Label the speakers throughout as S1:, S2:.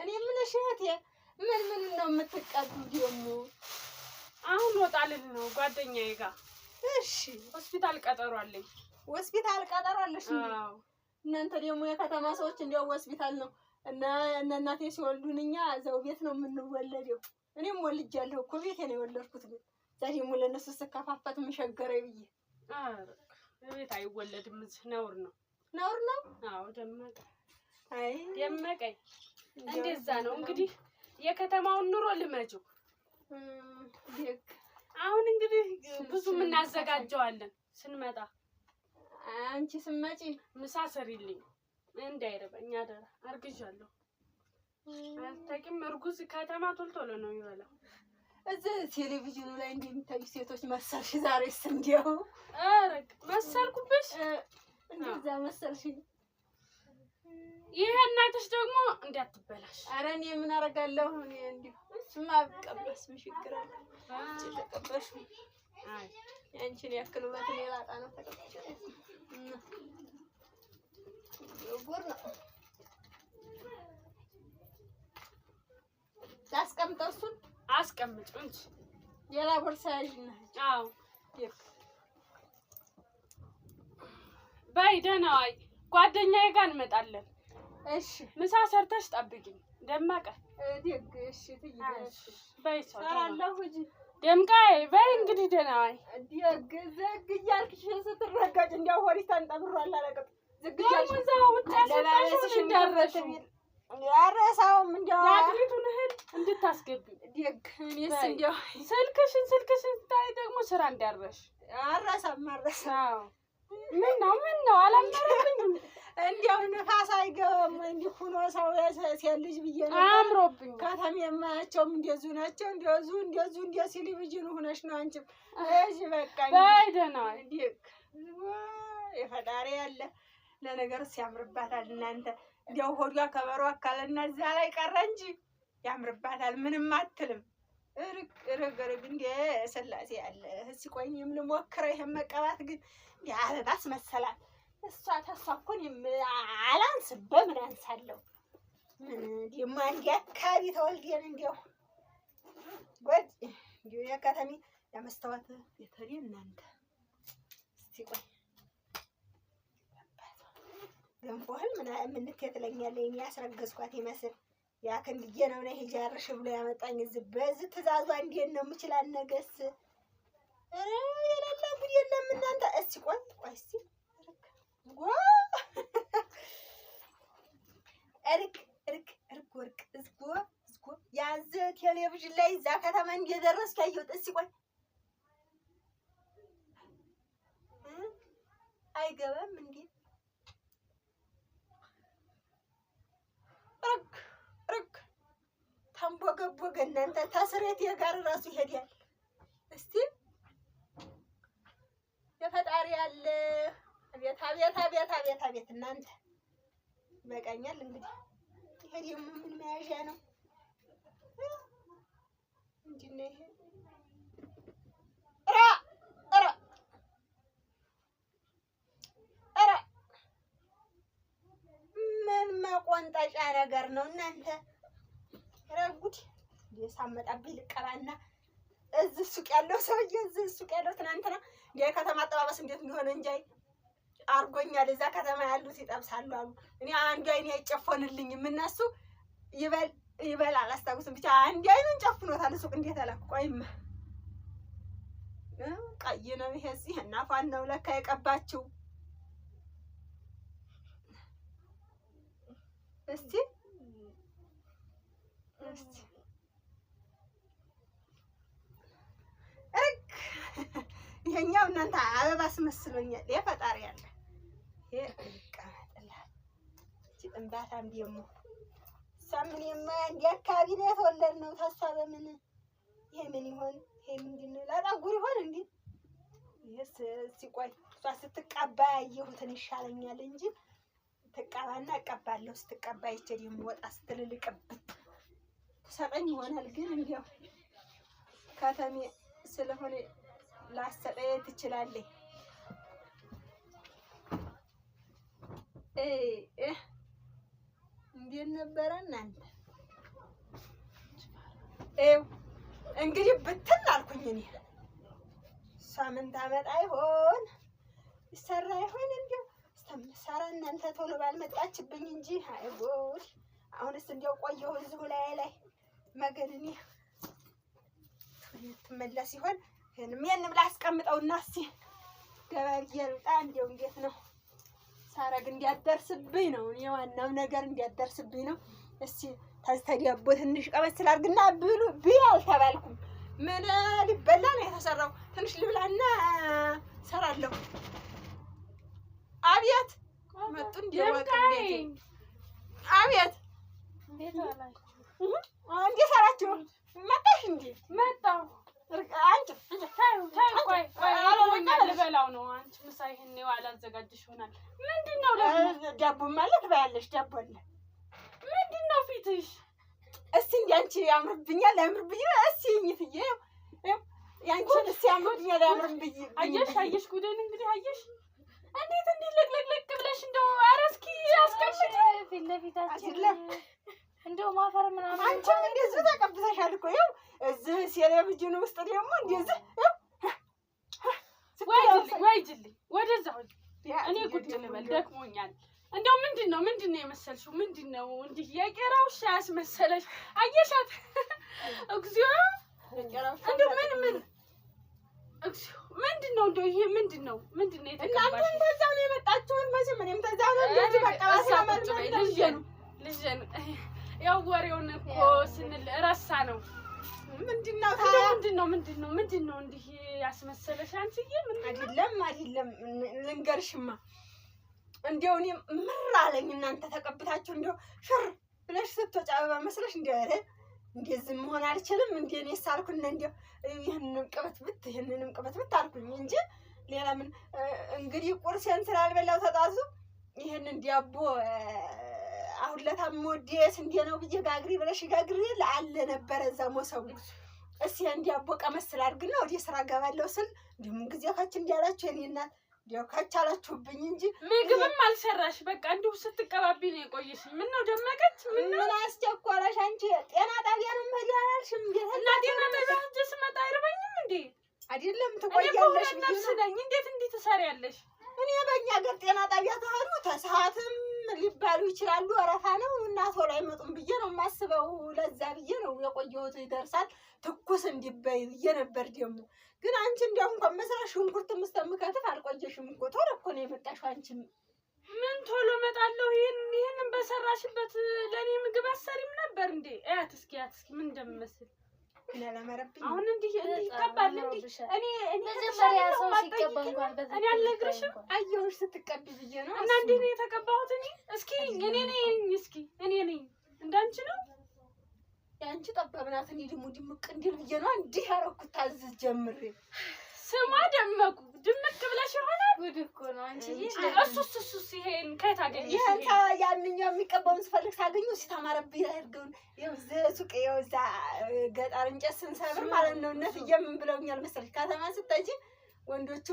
S1: እኔ የምልሽ እህቴ ምን ምን ነው የምትቀዱ? ደግሞ
S2: አሁን ወጣልን ነው ጓደኛዬ ጋር። እሺ ሆስፒታል ቀጠሮ አለኝ።
S1: ሆስፒታል ቀጠሮ አለሽ? አዎ። እናንተ ደግሞ የከተማ ሰዎች እንዲያው ሆስፒታል ነው እና እነ እናቴ ሲወልዱን እኛ እዛው ቤት ነው የምንወለደው። እኔም ወልጃለሁ እኮ ቤቴ ነው የወለድኩት። ግን እዛ ደግሞ ለእነሱ ስከፋፈት ምን ብዬ
S2: ቤት አይወለድም። እዚህ ነውር ነው ነውር ነው። አዎ ደመቀ ደመቀኝ። እንደዛ ነው እንግዲህ የከተማውን ኑሮ ልመጂው። አሁን እንግዲህ ብዙ እናዘጋጀዋለን ስንመጣ።
S1: አንቺ ስመጪ
S2: ምሳ ስሪልኝ እንዳይረበኝ አደራ። አርግዣለሁ። አታውቂም፣ እርጉዝ ከተማ ቶሎ ቶሎ ነው የሚበላው።
S1: እዚህ ቴሌቪዥኑ ላይ እንደሚታዩ ሴቶች መሰልሽ። ዛሬስ እንዲያው
S2: ኧረ መሰልኩብሽ፣
S1: እንደዛ መሰልሽ።
S2: ይሄ እናትሽ ደግሞ እንዳትበላሽ።
S1: ኧረ እኔ ምን አደርጋለሁ? እኔ እንዲሁ እሱማ ብቀበስ ምን አለ? አንቺ ተቀበሽ፣ የአንቺን ያክል ውበት እኔ ላጣ ነው። ተቀበሽ ጉር ነው ላስቀምጠው። እሱን
S2: አስቀምጪው እንጂ
S1: ሌላ ቦርሳ ያዥና።
S2: አዎ በይ ደህና ዋይ። ጓደኛዬ ጋር እንመጣለን። እሺ ምሳ ሰርተሽ ጠብቂኝ። ደመቀ ደምቃዬ በይ እንግዲህ ደህና ዋይ።
S1: ዝግ እያልክሽ ስትረጋጭ እንዲያው ሆዲታ እንጠብሯል። አለቅም ዝግ ያረሳውም እንዲያው
S2: የአትሌቱን እህል እንድታስገቢ ስልክሽን ስልክሽን ስታይ ደግሞ ስራ እንዳረሽ
S1: አረሳም አረሳ
S2: ምን ነው ምን ነው አላመረብኝም
S1: እንዲያው ንፋስ አይገባም። እንዲሁ ሆኖ ሰው ሴት ልጅ ብዬ
S2: ነው አምሮብኝ
S1: ከተሜ የማያቸውም እንደዚሁ ናቸው። እንደዚሁ እንደዚሁ እንደ ሲሊቪዥን ሆነሽ ነው አንቺም እሺ በቃ
S2: በደህና
S1: የፈጣሪ ያለ ለነገር ሲያምርባታል። እናንተ እንዲያው ሆዷ ከበሮ አካልና እዛ ላይ ቀረ እንጂ ያምርባታል። ምንም አትልም። እርግ እርግ እርግ እንደ ስላሴ ያለ እስኪ ቆይ እኔም ይሄን መቀባት ግን የአበባስ መሰላት እሷ ተሷ እኮ እኔም አላንስም። በምን አንሳለሁ? ደግሞ አንድ አካባቢ ተወልደን እንዲያው ጎድ እንዲሁ የአጋጣሚ ለመስታወት
S2: የተሪ እናንተ
S1: እስቲ ቆይ ገንፎህል ምን ትትለኛለህ? እኔ ያስረገዝኳት ይመስል ያ ክንድዬ ነው ነይ ሂጂ ብሎ ያመጣኝ እዚህ በዚህ ትእዛዟ እንዴት ነው የምችላል? ነገስ ኧረ የሌላ የለም እናንተ። እስቲ ቆይ ቆይ እስቲ እርቅ እርቅ እርቅ ወርቅ እዝጎ እዝጎ ያዘ ቴሌቪዥን ላይ እዛ ከተማ እንደደረስ ያየሁት እስኪ ቆይ አይገባም እንዴ? እርግ እርግ ተንቦገቦገ እናንተ ተስሬት የጋር እራሱ ይሄዳል። እስቲ የፈጣሪ ያለ አቤት አቤት አቤት አቤት አቤት እናንተ ይበቃኛል። እንግዲህ ይሄ ደግሞ ምን መያዣ ነው? ይሄ? መቆንጠጫ ነገር ነው እናንተ? ኧረ ጉድ ልቀባና እዚህ ሱቅ ያለው ሰውዬ እዚህ ሱቅ ያለው ትናንትና እንዲያ አጠባበስ እንዴት እንደሆነ እንጃ። አርጎኛል። እዛ ከተማ ያሉት ይጠብሳሉ አሉ። እኔ አንድ አይኔ አይጨፈንልኝም። እነሱ ይበል ይበል አላስታውስም። ብቻ አንድ አይኑን ጨፍኖታል። ሱቅ እንዴት አላውቅ። ቆይማ ቀይ ነው ይሄ እዚህ እናፏን ነው ለካ የቀባችው። እስቲ እስቲ እርግ ይሄኛው እናንተ አበባ አስመስሎኛል። የፈጣሪ ያለ ይቀመጥላት። ጥንባታ እንዲሞ ሳምን የማያ እንዲህ አካባቢ ነው የተወለድነው። ታሳበ ምን ይሄ ምን ይሆን ይሄ ምንድን ነው? ላጣጉር ይሆን እንዲህ ይህስ ሲቆይ እሷ ስትቀባ ያየሁትን ይሻለኛል እንጂ ትቀባና እቀባለሁ። ስትቀባ ይችል የምወጣ ስትልልቅብት ሰጠኝ ይሆናል። ግን እንዲያው ከተሜ ስለሆነ ላሰጠየ ትችላለች እንዴት ነበረ እናንተ? እንግዲህ ብትን አልኩኝ እኔ ሳምንት አመጣ ይሆን ይሰራ ይሆን እንዲሁ እስከምሰራ እናንተ ቶሎ ባልመጣችብኝ እንጂ አይ አሁንስ እንዲያው ቆየሁ እዚሁ ላይ ላይ ትመለስ ይሆን ላስቀምጠውና እንዴት ነው ሳረግ እንዲያደርስብኝ ነው። እኔ ዋናው ነገር እንዲያደርስብኝ ነው። እስቲ ተስተዲያቦ ትንሽ ቀበስ ስላርግና ብሉ ብ አልተባልኩም። ምን ሊበላ ነው የተሰራው? ትንሽ ልብላና ሰራለሁ። አብያት መጡ እንዲወጡ አብያት እንዴት ሰራችሁ? መጣሽ እንዴ? መጣሁ አንጭ
S2: ይሄን ነው አላዘጋጅሽ ይሆናል። ምንድነው ደግሞ
S1: ዳቦ ማለት ባያለሽ ዳቦ አለ።
S2: ምንድነው ፊትሽ?
S1: እስቲ እንደ አንቺ ያምርብኛል ያምርብኝ። እስቲ ይኝትዬ ያንቺ እስቲ ያምርብኛል ያምርብኝ።
S2: አየሽ አየሽ፣ ጉዴን እንግዲህ አየሽ። እንዴት እንዴት ለቅለቅለቅ ብለሽ እንደው ኧረ እስኪ አስቀምጪ
S1: ፊት ለፊታችን
S2: እንደው ማፈር ምናምን።
S1: አንቺም እንደዚህ ተቀብተሻል እኮ ይኸው እዚህ ሴሌብጅን ውስጥ ደግሞ እንደዚህ
S2: ወይጅልኝ ወደዛ እኔ ቁጭ ልበል ደክሞኛል። እንደው ምንድን ነው ምንድን ነው የመሰልሽው? ምንድን ነው እንዲህ የቄራ ውሻ ያስመሰለሽ? አየሻት? እግዚኦ እንደው ምን ምን ምንድን ነው እንደው ይሄ ምንድን ነው ምንድን ነው
S1: የተቀባሽ? እናንተ እንደዛ ነው የመጣችሁት መቼም እኔም እንደዛ ነው ልጅ
S2: በቃ ስለማልመጣ ልጅ ያው ወሬውን እኮ ስንል ረሳ ነው ምንድነው ታዲያ? ምንድነው ምንድነው እንዲህ ያስመሰለሽ አንቺዬ?
S1: አይደለም አይደለም፣ ልንገርሽማ እንዲያው እኔ ምር አለኝ። እናንተ ተቀብታችሁ እንዲያው ሽር ብለሽ ስትወጪ አበባ መስለሽ እንዲያው ኧረ እንደዚህ መሆን አልችልም። እንዲህ እኔ ሳልኩና እንዲያው ይህንንም ቅበት ብት ይህንንም ቅበት ብት አልኩኝ እንጂ ሌላ ምን እንግዲህ ቁርሴን ስላልበላው ተጣዙ ይህን እንዲያቦ አሁን ለታሞ ዴስ እንዴ ነው ብዬ ጋግሪ ብለሽ ጋግሪ አለ ነበረ እዛ ሞሰቡ እስ እንዲያቦቀ መስል አድርግና ወደ ስራ ገባለሁ ስል እንዲሁም ጊዜ ካች እንዲያላችሁ የኔ እናት እንዲያው ካች አላችሁብኝ እንጂ
S2: ምግብም አልሰራሽ። በቃ እንዲሁ ስትቀባቢ ነው የቆየሽ። ምን ነው ደመቀች? ምን
S1: ምን አስቸኮረሽ አንቺ? ጤና ጣቢያ ነው መሄድ እንዴ?
S2: እና ጤና ጣቢያ ሂጅ ስመጣ አይርበኝም እንዴ? አይደለም ትቆያለሽ። ነፍስ ነኝ። እንዴት እንዲህ ትሰሪያለሽ?
S1: እኔ በእኛ ሀገር ጤና ጣቢያ ተሄዱ ተሰዓትም ሊባሉ ይችላሉ። ወረፋ ነው እናቶ ላይ መጡም ብዬ ነው የማስበው። ለዛ ብዬ ነው የቆየሁት። ይደርሳል ትኩስ እንዲበይ ብዬ ነበር። ደግሞ ግን አንቺ እንዲያው እንኳን መስራት ሽንኩርት ምስተምከትፍ አልቆየሽም እኮ ቶሎ እኮ ነው የመጣሽው። አንቺም
S2: ምን ቶሎ መጣለሁ? ይህን ይህንን በሰራሽበት ለእኔ ምግብ አሰሪም ነበር እንዴ? እያት እስኪ እያት እስኪ ምን እንደምመስል አሁን እንዲህ እንዲህ ይቀባል። እንዲህ እኔ
S1: እኔ መጀመሪያ ሰው ሲቀባ እንኳን
S2: በዚህ እኔ አልነግርሽም።
S1: አየሁሽ ስትቀቢ ብዬ ነው።
S2: እና እንዲህ ነው የተቀባሁት እኔ። እስኪ እኔ ነኝ እስኪ እኔ ነኝ እንዳንቺ ነው።
S1: የአንቺ ጠባብ ናት። እኔ ደግሞ ድምቅ እንዲል ብዬ ነው እንዲህ ያደረኩት። ታዝዝ ጀምሬ
S2: ስማ ደመቁ ጉድ እኮ ነው። እሱስ እሱስ ይሄን ከየት አገኘሽ?
S1: ያንኛው የሚቀባውን ስፈልግ ሳገኘው ሲታማረብ ያድርገውን ሱቅ የወዛ ገጠር እንጨት ስንሰብር ማለት ነው እነትዬ ምን ብለውኛል መሰለሽ ከተማ ስትሄጂ ወንዶቹ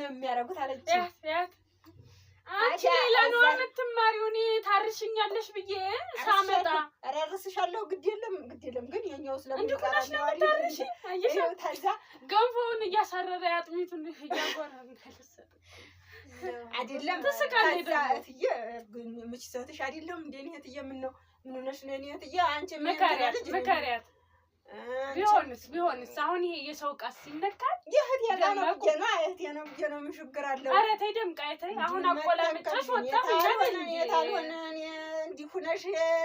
S1: ነው የሚያደርጉት አለችኝ።
S2: አንቺ ሌላ ነው የምትማሪው። እኔ ታርሽኛለሽ ብዬ ሳመጣ
S1: ረርስሻለሁ። ግድ የለም ግድ የለም ግን የኛው
S2: ስለምንቀራሽ ነው ታርሽ
S1: አይሽው ታዛ
S2: ገንፎውን እያሳረረ አጥሚቱን እያጎረ ምች ሰትሽ
S1: አይደለም እህትዬ? ምን ነው ምን ሆነሽ ነው እህትዬ?
S2: አንቺ መካሪያት ቢሆንስ ቢሆንስ አሁን ይሄ የሰው ቀስ ሲነካ
S1: የእህቴ ነው ነው የእህቴ ነው ብዬ ነው። ምን አለው?
S2: ኧረ ተይ ደምቃ ተይ። አሁን አቆላምጨሽ ወጣሁ
S1: የታልሆነ እንዲሁ ነሽ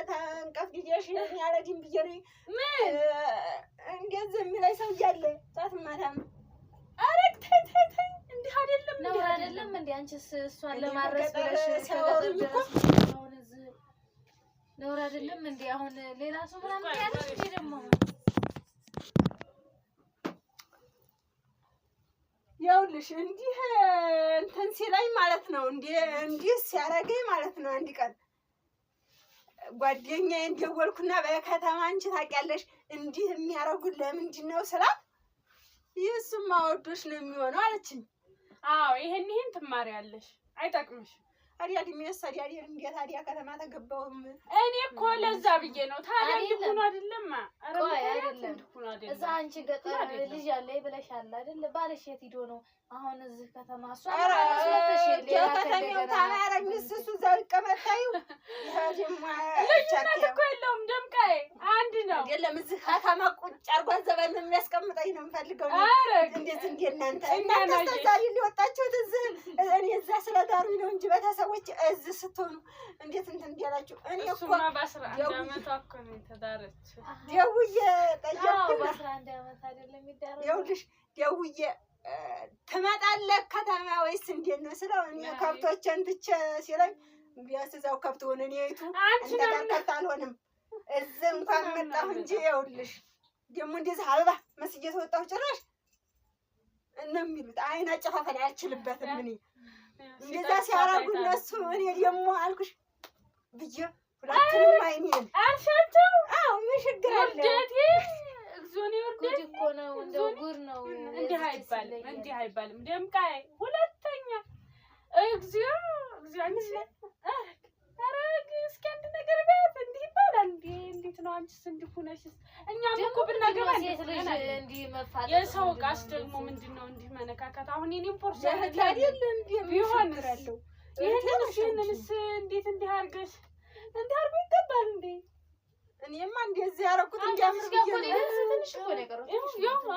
S1: ተንቀፍ ልጄሽ ያለድን ብዬ ነኝ። ምን እንደዚህ የሚለኝ ሰው እያለ ጧት ማታም
S2: ኧረ ተይ ተይ ተይ። እንዲህ አይደለም
S1: ነው አይደለም። እንደ አንቺስ እሷን ለማድረስ ብለሽ ነውር አይደለም እንደ አሁን ሌላ ሰው ምናምን ያለሽ ደግሞ ያውልሽ እንዲህ እንትን ሲላይ ማለት ነው እንዲህ ሲያደርገኝ ማለት ነው። አንድ ቀን ጓደኛ ደወልኩና በከተማ አንቺ ታውቂያለሽ እንዲህ የሚያደርጉት ለምንድን ነው ስላት ይህሱም አወዶች ነው የሚሆነው አለችኝ።
S2: አዎ ይሄን ይህን ትማሪያለሽ አይጠቅምሽም።
S1: ታዲያ ድሜስ ታዲያ እንደ ታዲያ ከተማ ተገባውም።
S2: እኔ እኮ ለዛ ብዬ ነው። ታዲያ እንድሁኑ አይደለም
S1: እዛ አንቺ ገጠር ልጅ አለ ብለሻል አይደል? ባለሽ የት ሂዶ ነው አሁን እዚህ ከተማ? እሷ ከተሜው ታማረኝ። እሱ እዛ ልቀመጣዩ ልዩነት
S2: እኮ የለውም። ደምቃዬ አንድ ነው።
S1: የለም እዚህ ከተማ ቁጭ አርጓን ዘበን የሚያስቀምጠኝ ነው የምፈልገው። እንዴት እንዴ እናንተ እናንተ ዛሬ ሊወጣችሁት እዚህ እኔ እዛ ስለዳሩኝ ነው እንጂ በተሰቡ ሰዎች እዚህ ስትሆኑ እንዴት እንትን እንዲያላችሁ
S2: እኔ እኮ በአስራ አንድ ዓመቷ እኮ ነው የተዳረች። ደውዬ ጠየቅኩና
S1: ይኸውልሽ ደውዬ ትመጣለህ ከተማ ወይስ እንዴት ነው ስለው እኔ ከብቶቼን ትቼ ሲለኝ ቢያንስ እዛው ከብት ሆነ እኔ የቱ እንደቀርታ አልሆንም እዚህ እንኳን መጣሁ እንጂ ይኸውልሽ ደግሞ እንደዚህ አበባ መስዬ ተወጣሁ ጭራሽ ነው የሚሉት አይን አጨፋፈል አልችልበትም እኔ እንደዛ ሲያደርጉ እነሱ እኔ ደግሞ አልኩሽ ብዬ ሁላችንም አይኔን
S2: አልሻቸው።
S1: አዎ ምን ችግር
S2: አለ? እግዞኔ ወርደት እንዲህ አይባልም፣ እንዲህ አይባልም። ደምቃዬ ሁለተኛ እግዚኦ፣ እግዚኦ፣ እስኪ አንድ ነገር በት እንዲህ እንዴ እንዴት ነው አንቺስ እንዲህ ሆነሽስ? እኛም እኮ ብናገባ የሰው እቃስ ደግሞ ምንድን ነው እንዲህ መነካከት? አሁን የኔም ፖርሳ ቢሆንለው እንዴት እንዲህ አድርገሽ እንዲህ አድርጎ ይገባል እንዴ?
S1: እኔማ እንደዚህ ያደረኩት
S2: እንዲያምር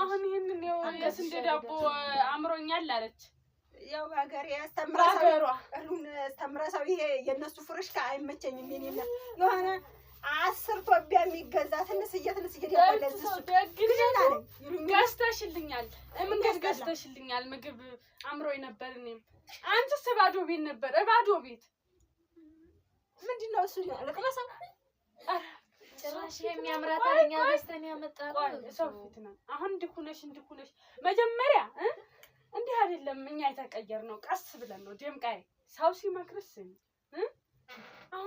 S2: አሁን ይህንን ስንዴ ዳቦ አምሮኛል አለች።
S1: ያው ሀገሬ አስተምራ ሰው ይሄ የእነሱ ፍርሽካ አይመቸኝም የሆነ አስር ቶቢያ የሚገዛ ትንስዬ ትንስዬ
S2: ገዝተሽልኛል። መንገድ ገዝተሽልኛል። ምግብ አምሮ ነበር። እኔም ባዶ ቤት ነበር። ባዶ ቤት ምንድን ነው እሱ እኛ ነው። አሁን መጀመሪያ እንዲህ አይደለም። እኛ ቀስ ብለን ነው። ደምቃዬ ሰው ሲመክርሽ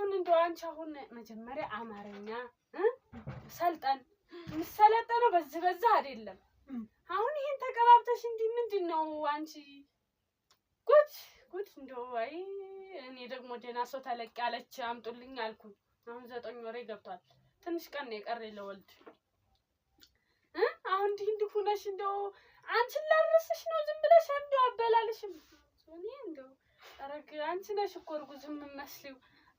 S2: አሁን እንደው አንቺ አሁን መጀመሪያ አማርኛ ሰልጠን የምትሰለጠነው በዚህ በዛ አይደለም። አሁን ይሄን ተቀባብተሽ እንዲህ ምንድን ነው አንቺ? ጉድ ጉድ! እንደው አይ እኔ ደግሞ ደህና ሰው ተለቅ ያለች አምጡልኝ አልኩኝ። አሁን ዘጠኝ ወሬ ገብቷል። ትንሽ ቀን ነው የቀረኝ ለወልድ። አሁን እንዲህ እንዲህ ሁነሽ እንደው አንቺን ላድረስሽ ነው ዝም ብለሽ እንደው አበላልሽም እኔ እንደው ኧረ አንቺ ነሽ እኮ እርጉዝ የምመስለው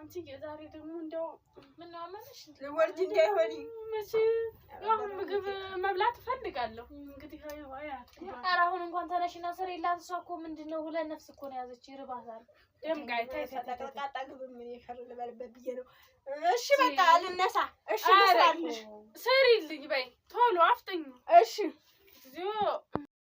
S2: አንቺ የዛሬ ደግሞ እንደው ምን አመነሽ
S1: እንዳይሆን
S2: መቼ አሁን ምግብ መብላት እፈልጋለሁ። እንግዲህ
S1: ኧረ አሁን እንኳን ተነሽና ስር የላት እሷ እኮ ምንድን ነው ሁለት ነፍስ እኮ ነው ያዘች። ይርባታል። እሺ በቃ ልነሳ። እሺ
S2: ስሪልኝ በይ ቶሎ አፍጥኝ።
S1: እሺ